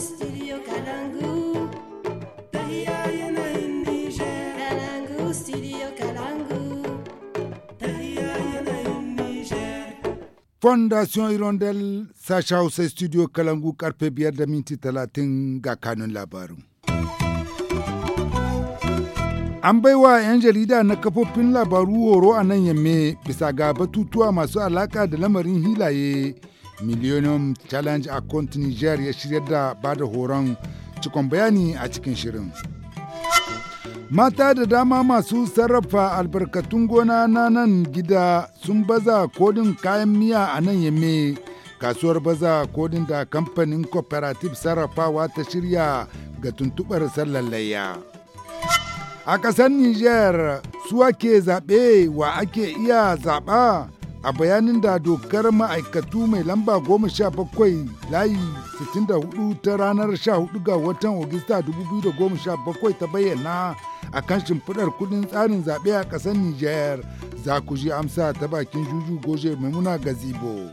studio Kalangu. Tahiya yanayin Nijar. Kalangu studio Kalangu. Tahiya yanayin Nijar. Fondation Hirondelle Sasha Hausa studio Kalangu karfe biyar da minti talatin ga kanun labarin. An baiwa 'yan jarida na kafofin labaru horo a nan yamme bisa ga batutuwa masu alaka da lamarin hilaye millennium challenge account niger ya shirya da ba da horon cikon bayani a cikin shirin mata da dama masu sarrafa albarkatun gona na nan gida sun baza kodin kayan miya a nan yamme kasuwar baza kodin da kamfanin cooperative sarrafawa ta shirya ga tuntubar sallar layya a ƙasar niger su ke zaɓe wa ake iya zaɓa a bayanin da dokar ma'aikatu mai lamba 17 layi 64 ta ranar 14 ga watan Ogista 2017 ta bayyana a kan shimfiɗar kudin tsarin zaɓe a ƙasar Nijar za ku ji amsa ta bakin juju goje maimuna gazibo.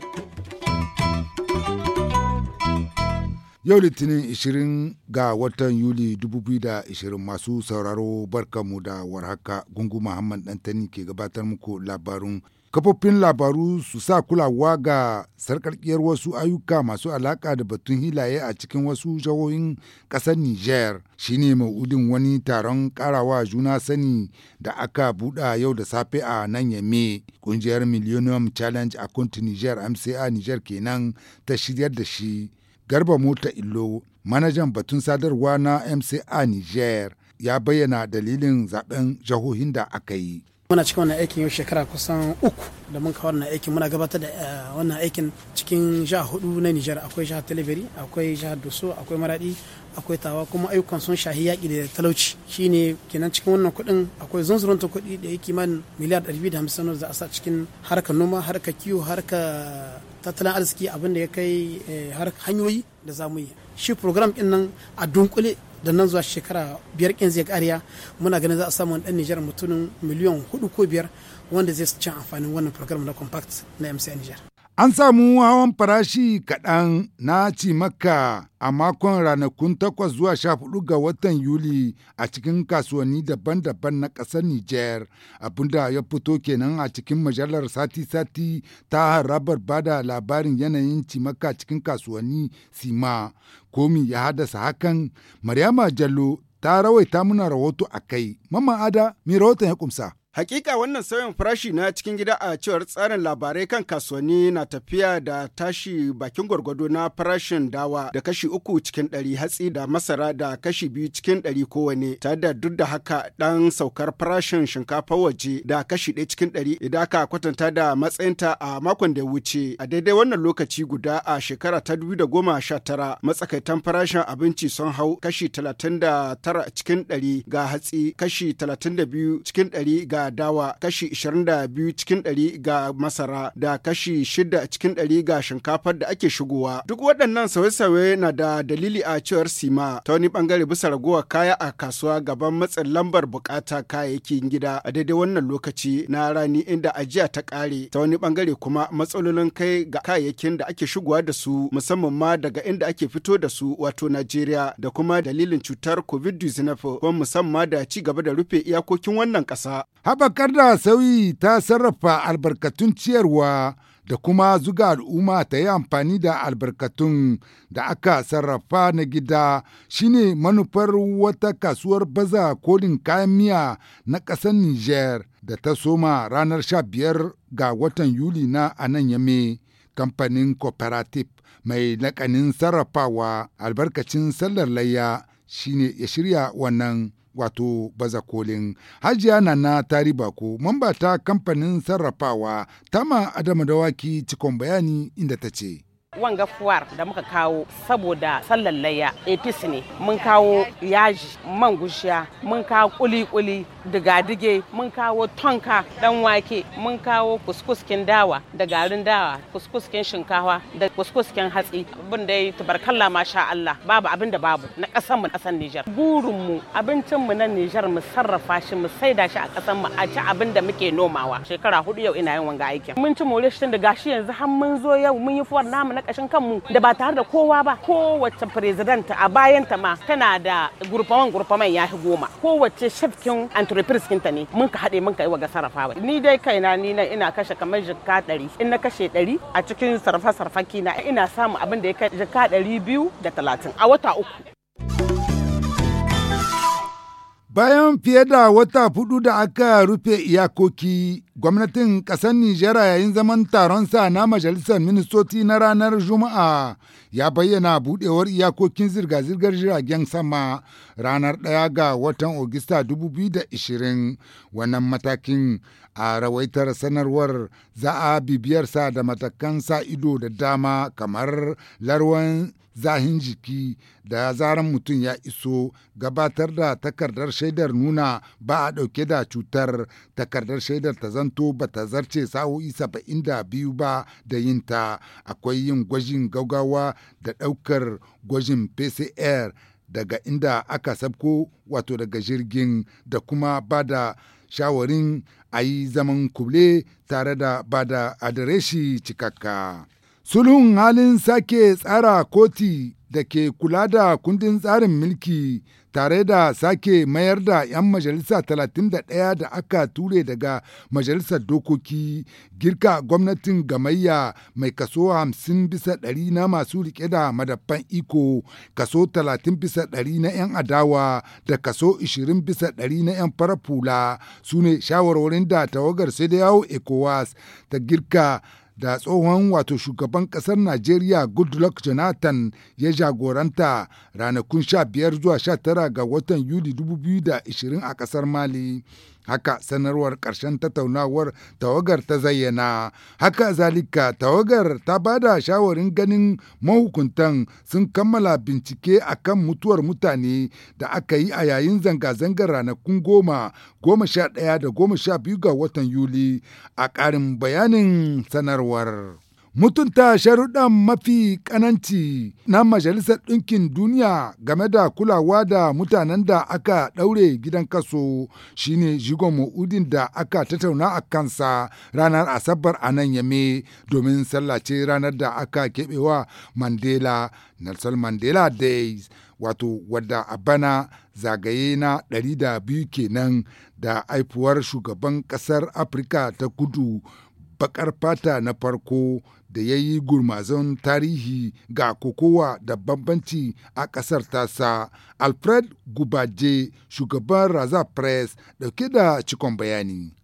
Yau Litinin 20 ga watan Yuli 2020 masu sauraro barkanmu da warhaka gungu Muhammad Dantani ke gabatar muku labarun kafofin labaru su sa kulawa ga sarkarkiyar wasu ayyuka masu alaka da batun hilaye a cikin wasu jihohin ƙasar shi shine maudin wani taron karawa juna sani da aka buɗa yau da safe a nan yame kungiyar Millennium Challenge a kunti niger MCA niger kenan ta shiryar da shi Garba Mota Illo, manajan batun sadarwa na MCA Niger, ya bayyana dalilin zaben jihohin da aka yi. muna cikin wannan aikin yau shekara kusan uku da mun kawo wannan aikin muna gabatar da eh, wannan aikin cikin jiha hudu na niger akwai jihar Talabiri akwai jihar Doso akwai Maradi akwai Tawa kuma ayyukan sun shahi yaƙi da talauci shine kenan cikin wannan kuɗin akwai zunzurunta kuɗi da yake man miliyar 250 za a sa cikin harkar noma harkar kiwo harkar tattalin arziki abin da ya kai eh, har hanyoyi da za mu yi shi program din nan a dunkule da nan zuwa shekara biyar kin zai kariya muna ganin za a samu dan Niger mutumin miliyan hudu ko biyar wanda zai cin amfanin wannan program na compact na MC Niger. An samu hawan farashi kaɗan na cimaka a makon ranakun takwas zuwa sha hudu ga watan Yuli a cikin kasuwanni daban-daban na ƙasar Nijar, abinda ya fito kenan a cikin majalar sati-sati ta harabar bada labarin yanayin cimaka cikin kasuwanni Sima. Komi ya haddasa hakan, Maryama Jallo ta rawaita muna rahoto a kai. Mamman Ada, me rahoton ya kumsa? Hakika wannan sauyin farashi na cikin gida a cewar tsarin labarai kan kasuwanni na tafiya da tashi bakin gwargwado na farashin dawa da kashi uku cikin ɗari hatsi da masara da kashi biyu cikin ɗari kowane tare da duk da haka ɗan saukar farashin shinkafa waje da kashi ɗaya cikin ɗari idan aka kwatanta da matsayinta a makon da ya wuce a daidai wannan lokaci guda a shekara ta dubu da goma sha tara matsakaitan farashin abinci sun hau kashi talatin da tara cikin ɗari ga hatsi kashi talatin da biyu cikin ɗari ga dawa kashi 22 cikin 100 ga masara da kashi 6 cikin 100 ga shinkafar da ake shigowa. Duk waɗannan sauye-sauye na da dalili a cewar Sima ta wani bangare bisa ragowar kaya a kasuwa gaban matsin lambar bukata kayayyakin gida a daidai wannan lokaci na rani inda ajiya ta ƙare ta wani bangare kuma matsalolin kai ga kayayyakin da ake shigowa da su musamman ma daga inda ake fito da su wato Najeriya da kuma dalilin cutar COVID-19 kuma musamman da ci gaba da rufe iyakokin wannan ƙasa. Haɓakar da sauyi ta sarrafa albarkatun ciyarwa da kuma zuga al'umma ta yi amfani da albarkatun da aka sarrafa na gida shine manufar wata kasuwar baza kolin kayan miya na ƙasar Nijar da ta soma ranar 15 ga watan Yuli na anan yame kamfanin cooperative mai lakanin sarrafawa albarkacin sallar layya shine ya shirya wannan wato baza kolin hajiya nana tari bako mamba ta kamfanin sarrafawa tama adama dawaki cikon bayani inda ta ce wanga fuwar da muka kawo saboda sallar layya apis ne mun kawo yaji man gushiya mun kawo kuli-kuli digadige mun kawo tonka dan wake mun kawo kuskuskin dawa da garin dawa kuskuskin shinkawa da kuskuskin hatsi abin da ya tubarkalla masha Allah babu abin da babu na kasan mu kasan Nijar burin mu abincin mu na Nijar mu sarrafa shi mu saida shi a kasan mu a ci abin da muke nomawa shekara hudu yau ina yin wanga aikin mun ci more shi da gashi yanzu har mun zo yau mun yi fuwar namu na kashin kanmu da ba tare da kowa ba kowace president a bayan ta ma tana da gurfaman gurfaman ya goma kowace shafkin entrepreneurs kinta ne mun ka haɗe mun ka yi wa ga sarrafawa ni dai kaina ni na ina kashe kamar jikka ɗari in na kashe ɗari a cikin sarfa sarfaki kina ina samun abin da ya kai jikka ɗari biyu da talatin a wata uku Bayan fiye da wata hudu da aka rufe iyakoki, gwamnatin ƙasar Nijera yayin zaman taron sa na majalisar ministoci na ranar Juma'a ya bayyana buɗewar iyakokin zirga-zirgar jiragen sama ranar ɗaya ga watan Ogista 2020 wannan matakin a rawaitar sanarwar za a sa da matakan sa ido da dama kamar larwan zahin jiki da zaran mutum ya iso gabatar da takardar shaidar nuna ba a ɗauke da cutar takardar shaidar ta ba ta zarce sa'o'i saba'in da biyu ba da yin ta akwai yin gwajin gaugawa da ɗaukar gwajin pcr daga inda aka sabko wato daga jirgin da kuma ba da shawarin a yi zaman kule tare da ba da adireshi cikakka. Sulhun halin sake tsara koti da ke kula da kundin tsarin mulki tare da sake mayar da 'yan majalisa 31 da aka ture daga majalisar dokoki girka gwamnatin gamayya mai kaso 50 bisa ɗari na masu rike da madaffan iko kaso 30 bisa ɗari na 'yan adawa da kaso 20 bisa ɗari na 'yan farafula su ne shawarwarin da tawagar sai da yawo ecowas ta girka da tsohon wato shugaban kasar Najeriya Goodluck Jonathan ya jagoranta ranakun 15 zuwa 19 ga watan Yuli 2020 a kasar Mali. haka sanarwar ƙarshen tattaunawar tawagar ta zayyana haka zalika tawagar ta ba da shawarin ganin mahukuntan sun kammala bincike a kan mutuwar mutane da aka yi a yayin zanga-zangar ranakun goma goma sha ɗaya da goma sha biyu ga watan yuli a ƙarin bayanin sanarwar. Mutunta sharuɗan mafi ƙananci na Majalisar Ɗinkin Duniya game da kulawa da mutanen da aka ɗaure gidan kaso shine jigon mu'udin da aka tattauna a kansa ranar Asabar a nan yame domin sallace ranar da aka keɓewa Mandela, Nelson Mandela Days, wato wadda a bana zagaye na 200 kenan da haifuwar shugaban ƙasar Afirka ta kudu. bakar fata na farko da ya yi gurmazon tarihi ga kokowa da bambanci a ƙasar tasa alfred gubaje shugaban raza press dauke da cikon bayani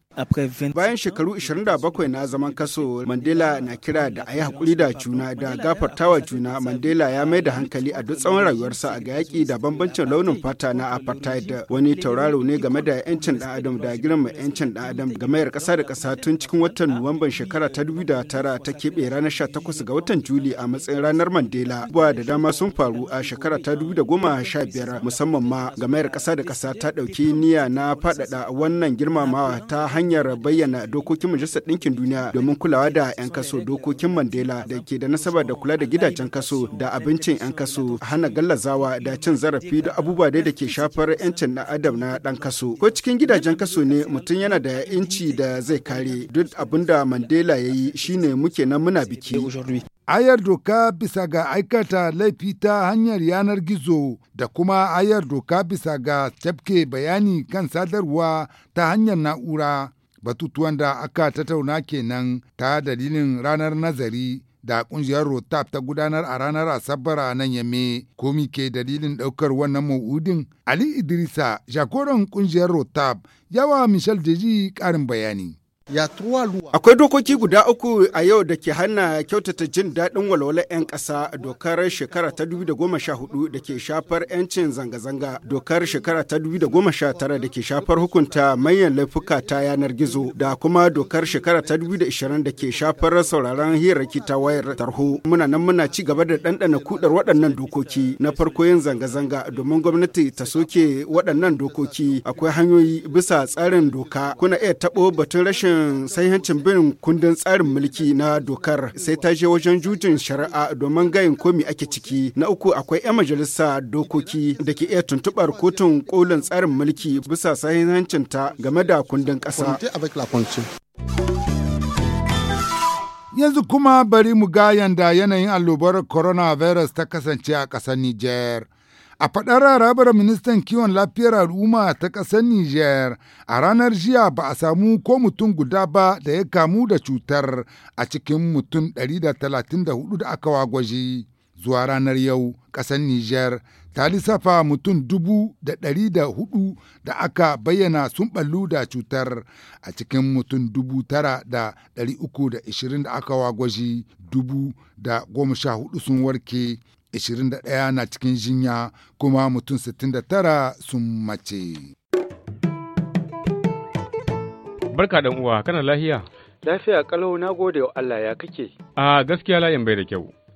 Bayan shekaru 27 na zaman kaso, Mandela na kira da a yi haƙuri da juna da gafartawa juna. Mandela ya mai da hankali a duk tsawon rayuwarsa a ga yaƙi da bambancin launin fata na apartheid wani tauraro ne game da 'yancin ɗan adam da girma 'yancin ɗan adam gamayar ƙasa da ƙasa tun cikin watan Nuwamban shekara ta 2009 ta keɓe ranar 18 ga watan Juli a matsayin ranar Mandela. Abubuwa da dama sun faru a shekara ta biyar musamman ma gamayar kasa da kasa ta ɗauki niyya na faɗaɗa wannan girmamawa ta hanyar hanyar bayyana dokokin majalisar ɗinkin duniya domin kulawa da 'yan kaso dokokin mandela da ke da nasaba da kula da gidajen kaso da abincin 'yan kaso hana gallazawa da cin zarafi da abubuwa da ke shafar 'yancin na adam na ɗan kaso ko cikin gidajen kaso ne mutum yana da 'yanci da zai kare duk abin da mandela ya yi shine muke na muna biki ayar doka bisa ga aikata laifi ta hanyar yanar gizo da kuma ayar doka bisa ga tafke bayani kan sadarwa ta hanyar na'ura batutuwan da aka tattauna kenan ta dalilin ranar nazari da kungiyar rotap ta gudanar a ranar asabar a nan yamme komi ke dalilin daukar wannan ma'udin ali idrisa jagoran kungiyar rotap yawa michel deji karin bayani Akwai dokoki guda uku a yau da ke hana kyautata jin daɗin walwalar 'yan ƙasa dokar shekara ta 2014 da ke shafar 'yancin zanga-zanga, dokar shekara ta 2019 da ke shafar hukunta manyan laifuka ta yanar gizo, da kuma dokar shekara ta 2020 da ke shafar sauraron hirarki ta wayar tarho. Muna nan muna ci gaba da ɗanɗana kuɗar waɗannan dokoki na farko yin zanga-zanga domin gwamnati ta soke waɗannan dokoki. Akwai hanyoyi bisa tsarin doka kuna iya taɓo batun rashin sai sahihancin bin kundin tsarin mulki na dokar sai ta je wajen jujin shari'a domin gayin komi ake ciki. Na uku akwai 'yan majalisa dokoki da ke iya tuntubar kotun kolin tsarin mulki bisa sahihancin ta game da kundin ƙasa. Yanzu kuma bari mu ga yanda yanayin allobar coronavirus ta kasance a ƙasar niger A faɗar harabar ministan kiwon lafiyar al'umma ta ƙasar Nijar, a ranar jiya ba a samu ko mutum guda ba da ya kamu da cutar a cikin mutum 134 da aka wagwaje. Zuwa ranar yau, ƙasar Nijar ta lissafa mutum dubu da ɗari da hudu da aka bayyana sun ɓallu da cutar a cikin mutum dubu tara da ɗari uku da ishirin da aka wagwaji dubu da goma sha hudu sun warke 21 na cikin jinya kuma mutum 69 sun mace. Barka ɗan uwa kana lahiya? Lafiya kalau na gode wa Allah ya kake. A gaskiya layin bai da kyau.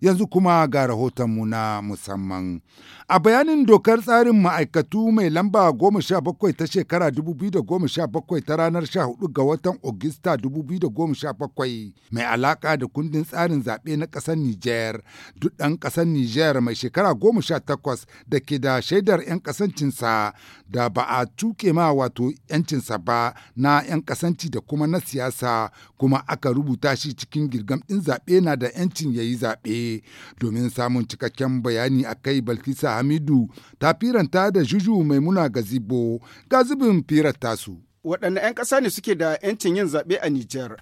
yanzu kuma ga rahotonmu na musamman. A bayanin dokar tsarin ma'aikatu mai lamba 17 ta shekara 2017 ta ranar 14 ga watan Ogista 2017 mai alaka da kundin tsarin zaɓe na ƙasar Nijar, duk ɗan ƙasar Nijar mai shekara 18 da ke da shaidar 'yan ƙasancinsa da ba a tuke ma wato 'yancinsa ba na 'yan ƙasanci da kuma na siyasa kuma aka rubuta shi cikin girgam ɗin zaɓe na da 'yancin ya yi zaɓe. domin samun cikakken bayani a kai balkisa hamidu ta firanta da juju maimuna gazibo gazibin firar tasu. waɗanne 'yan ƙasa ne suke da 'yancin yin zaɓe a Nijar.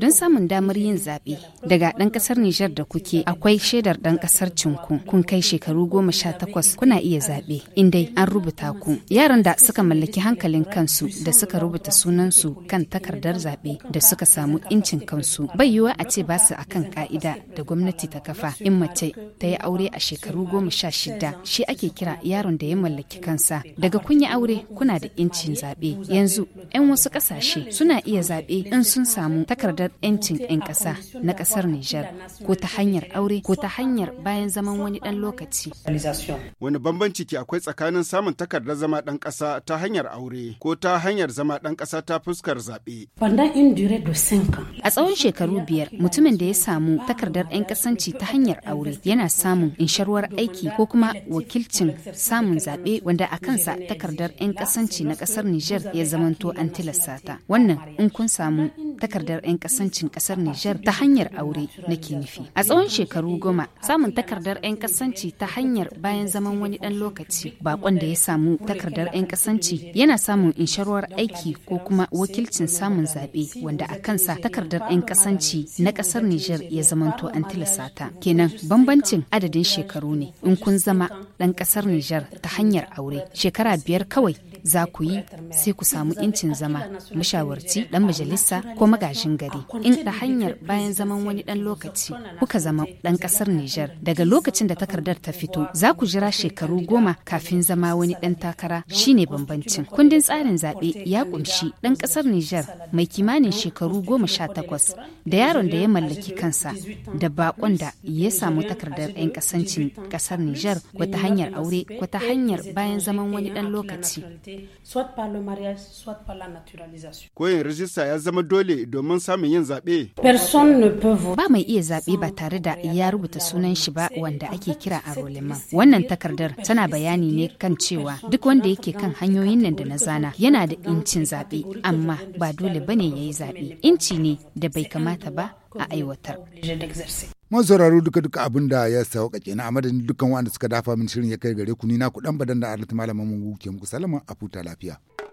Don samun damar yin zaɓe daga ɗan ƙasar Nijar da kuke akwai shaidar ɗan ƙasar cinku kun kai shekaru goma sha takwas kuna iya zaɓe indai an rubuta ku. Yaran da suka mallaki hankalin kansu da suka rubuta sunansu kan takardar zaɓe da suka samu incin kansu bai yiwuwa a ce ba su akan ka'ida da gwamnati ta kafa in mace ta yi aure a shekaru goma sha shida shi ake kira yaron da ya mallaki kansa daga kun yi aure kuna da incin zaɓe. zaɓe yanzu 'yan wasu ƙasashe suna iya zaɓe in sun samu takardar 'yancin 'yan ƙasa na ƙasar Nijar ko ta hanyar aure ko ta hanyar bayan zaman wani ɗan lokaci. Wani bambanci ke akwai tsakanin samun takardar zama ɗan ƙasa ta hanyar aure ko ta hanyar zama ɗan ƙasa ta fuskar zaɓe. A tsawon shekaru biyar mutumin da ya samu takardar 'yan ƙasanci ta hanyar aure yana samun insharwar aiki ko kuma wakilcin samun zaɓe wanda a kansa takardar 'yan ƙasanci na ƙasar Nijar Nijar ya zamanto an tilasta ta. Wannan in kun samu takardar 'yan kasancin kasar Nijar ta hanyar aure nake nufi. A tsawon shekaru goma samun takardar 'yan kasanci ta hanyar bayan zaman wani dan lokaci bakon da ya samu takardar 'yan kasanci yana samun insharuwar aiki ko kuma wakilcin samun zaɓe wanda a kansa takardar 'yan kasanci na kasar Nijar ya zamanto an tilasta ta. Kenan bambancin adadin shekaru ne in kun zama dan kasar Nijar ta hanyar aure shekara biyar kawai za ku yi sai sai ku samu incin zama mashawarci dan majalisa ko magajin gari in ta hanyar bayan zaman wani dan lokaci kuka zama dan kasar Nijar daga lokacin da takardar ta fito za ku jira shekaru goma kafin zama wani dan takara shine bambancin kundin tsarin zaɓe ya kunshi dan kasar Nijar mai kimanin shekaru goma sha takwas da yaron da ya mallaki kansa da bakon da ya samu takardar 'yan kasancin kasar Nijar wata hanyar aure wata hanyar bayan zaman wani dan lokaci mariage soit par la naturalisation. Koyin rijista ya zama dole domin samun yin zaɓe. Person ne peut Ba mai iya zaɓe ba tare da ya rubuta sunan shi ba wanda ake kira a roleman. Wannan takardar tana bayani ne kan cewa duk wanda yake kan hanyoyin nan da na zana yana da incin zaɓe amma ba dole bane yayi zaɓe. Inci ne da bai kamata ba a aiwatar. mun sauraro duka duka abin da ya sauƙaƙe na a madadin dukkan wanda suka dafa min shirin ya kai gare ku ni na ku dan badan da Arlit malamin mun ke muku salama a futa lafiya